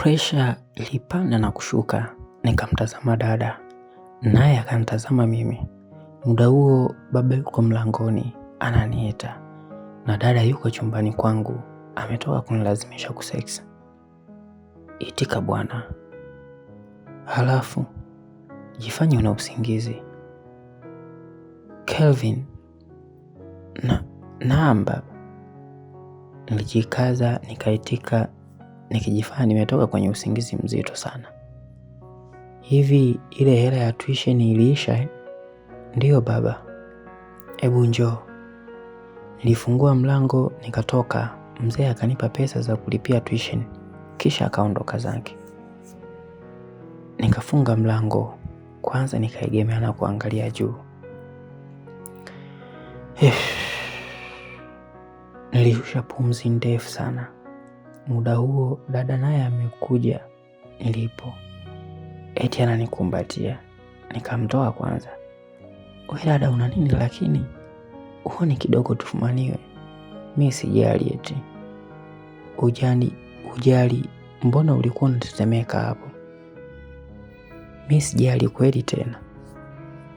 Presha ilipanda na kushuka, nikamtazama dada, naye akanitazama mimi. Muda huo baba yuko mlangoni ananiita, na dada yuko chumbani kwangu ametoka kunilazimisha kuseksi. Itika bwana, halafu jifanye una usingizi. Kelvin, na naamba, Nilijikaza nikaitika nikijifanya nimetoka kwenye usingizi mzito sana. Hivi ile hela ya tuition iliisha eh? Ndiyo baba. Ebu njoo. Nilifungua mlango nikatoka, mzee akanipa pesa za kulipia tuition, kisha akaondoka zake. Nikafunga mlango kwanza, nikaegemea na kuangalia juu. Nilishusha pumzi ndefu sana. Muda huo dada naye amekuja nilipo, eti ananikumbatia. Nikamtoa kwanza, we dada, una nini? Lakini huoni kidogo tufumaniwe? Mi sijali eti ujani ujali, mbona ulikuwa unatetemeka hapo? Mi sijali kweli tena,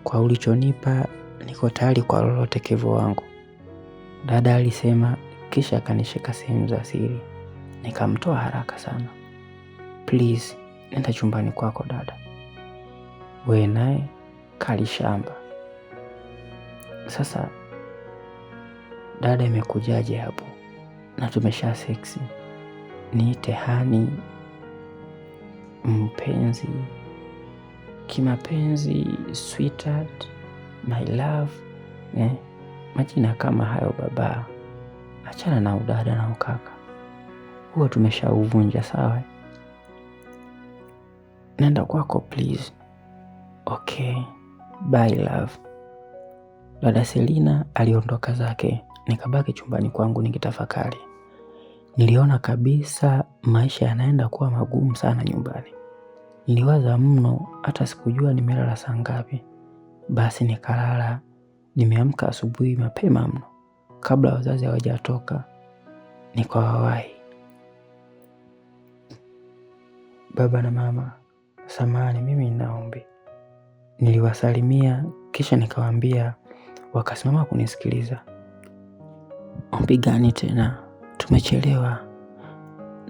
kwa ulichonipa niko tayari kwa lolote, wangu, dada alisema, kisha akanishika sehemu za siri. Nikamtoa haraka sana, please, nenda chumbani kwako dada, we naye kali shamba. Sasa dada, imekujaje hapo na tumesha seksi? Niite hani, mpenzi, kimapenzi, sweetheart, my love eh? Majina kama hayo baba, achana na udada na ukaka huwa tumeshauvunja. Sawa, naenda kwako please. Okay, bye love. Dada Selina aliondoka zake, nikabaki chumbani kwangu nikitafakari. Niliona kabisa maisha yanaenda kuwa magumu sana nyumbani. Niliwaza mno, hata sikujua nimelala saa ngapi. Basi nikalala, nimeamka asubuhi mapema mno, kabla wazazi hawajatoka, nikawawahi. Baba na mama, samahani, mimi ninaombi. Niliwasalimia kisha nikawaambia, wakasimama kunisikiliza. Ombi gani tena? Tumechelewa.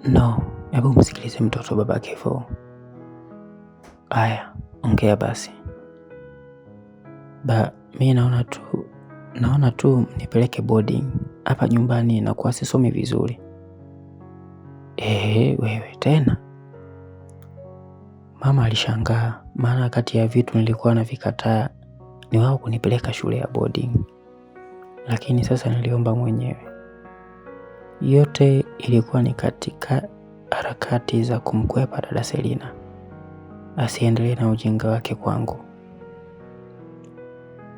No, hebu msikilize mtoto baba kifo. Aya, ongea basi. Ba, mi naona tu naona tu nipeleke boarding hapa nyumbani, nakuwa sisomi vizuri. Ehe, wewe tena Mama alishangaa maana kati ya vitu nilikuwa navikataa ni wao kunipeleka shule ya boarding. Lakini sasa niliomba mwenyewe. Yote ilikuwa ni katika harakati za kumkwepa dada Selina. Asiendelee na ujinga wake kwangu.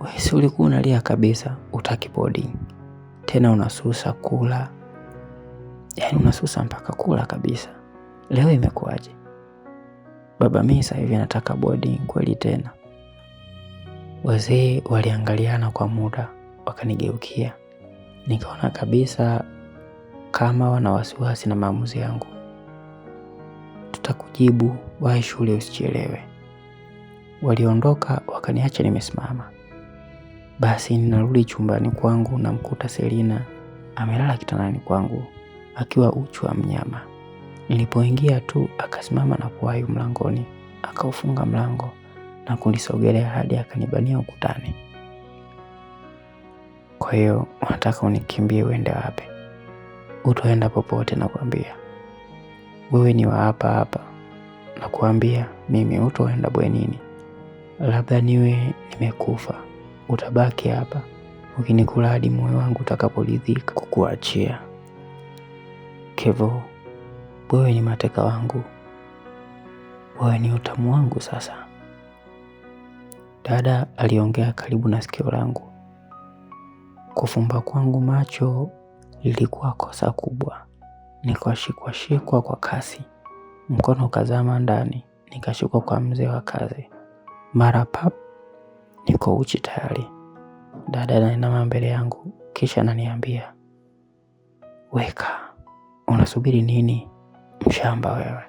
Wewe si ulikuwa unalia kabisa utaki boarding. Tena unasusa kula. Yaani unasusa mpaka kula kabisa. Leo imekuwaje? baba, mimi sasa hivi nataka boarding kweli tena. Wazee waliangaliana kwa muda, wakanigeukia, nikaona kabisa kama wana wasiwasi na maamuzi yangu. Tutakujibu, wahi shule usichelewe. Waliondoka wakaniacha nimesimama. Basi ninarudi chumbani kwangu, namkuta Selina amelala kitandani kwangu akiwa uchi wa mnyama. Nilipoingia tu akasimama na kuwahi mlangoni, akaufunga mlango na kunisogelea hadi akanibania ukutani. Kwa hiyo unataka unikimbie uende wapi? Utoenda popote, nakwambia. Wewe ni wa hapa hapa, nakuambia mimi, utoenda bwenini. Labda niwe nimekufa, utabaki hapa ukinikula hadi moyo wangu utakaporidhika kukuachia. Kevo wewe ni mateka wangu, wewe ni utamu wangu sasa. Dada aliongea karibu na sikio langu. Kufumba kwangu macho lilikuwa kosa kubwa. Nikashikwa shikwa kwa kasi, mkono ukazama ndani, nikashikwa kwa mzee wa kazi. Mara pap, niko uchi tayari. Dada anainama mbele yangu, kisha ananiambia, weka, unasubiri nini? Mshamba wewe.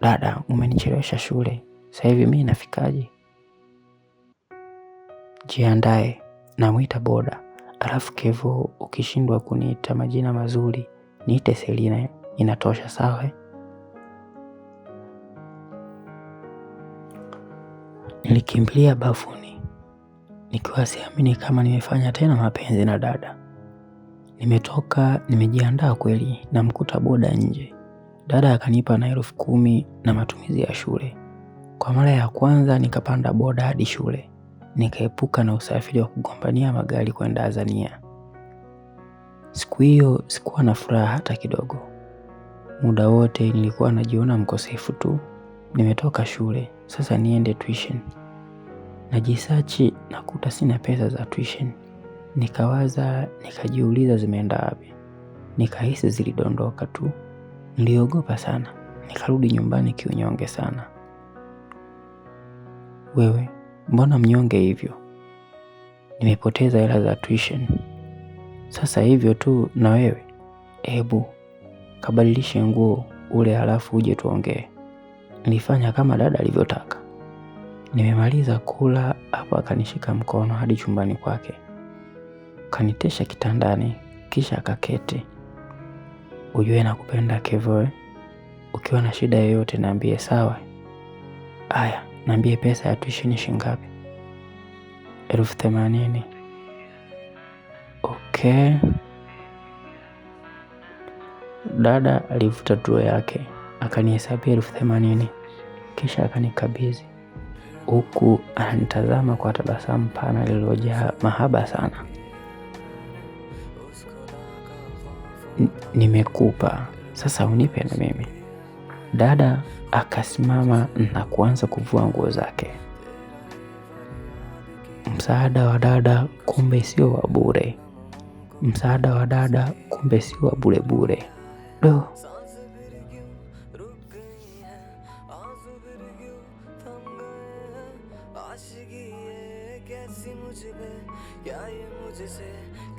Dada, umenichelewesha shule. Sasa hivi mimi nafikaje? Jiandae, namwita boda. Alafu Kevo, ukishindwa kuniita majina mazuri niite Selina, inatosha sawa? Nilikimbilia bafuni nikiwa siamini kama nimefanya tena mapenzi na dada. Nimetoka nimejiandaa kweli namkuta boda nje. Dada akanipa na elfu kumi na matumizi ya shule. Kwa mara ya kwanza nikapanda boda hadi shule. Nikaepuka na usafiri wa kugombania magari kwenda Azania. Siku hiyo sikuwa na furaha hata kidogo. Muda wote nilikuwa najiona mkosefu tu. Nimetoka shule, sasa niende tuition. najisachi nakuta sina pesa za tuition. Nikawaza, nikajiuliza zimeenda wapi. Nikahisi zilidondoka tu. Niliogopa sana. Nikarudi nyumbani kiunyonge sana. Wewe, mbona mnyonge hivyo? Nimepoteza hela za tuition. Sasa hivyo tu na wewe. Ebu, kabadilishe nguo ule halafu uje tuongee. Nilifanya kama dada alivyotaka. Nimemaliza kula hapo akanishika mkono hadi chumbani kwake akanitesha kitandani kisha akaketi. Ujue nakupenda Kevoe, ukiwa na shida yoyote niambie, sawa? Aya, niambie pesa ya tuition shingapi? elfu themanini. Okay. Dada alivuta tuo yake akanihesabia elfu themanini kisha akanikabidhi, huku ananitazama kwa tabasamu pana lililojaa mahaba sana. nimekupa sasa unipe na mimi. Dada akasimama na kuanza kuvua nguo zake. Msaada wa dada kumbe sio wa bure. Msaada wa dada kumbe sio wa bure bure. Do. कैसी मुझ पे क्या ये मुझसे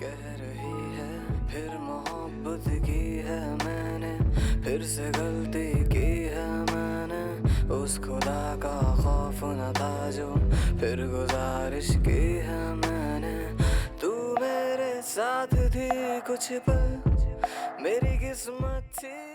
कह रही है फिर मोहब्बत की है मैंने फिर से गलती की है मैंने उस खुदा का खौफ न था जो फिर गुजारिश की है मैंने तू मेरे साथ थी कुछ पल मेरी किस्मत थी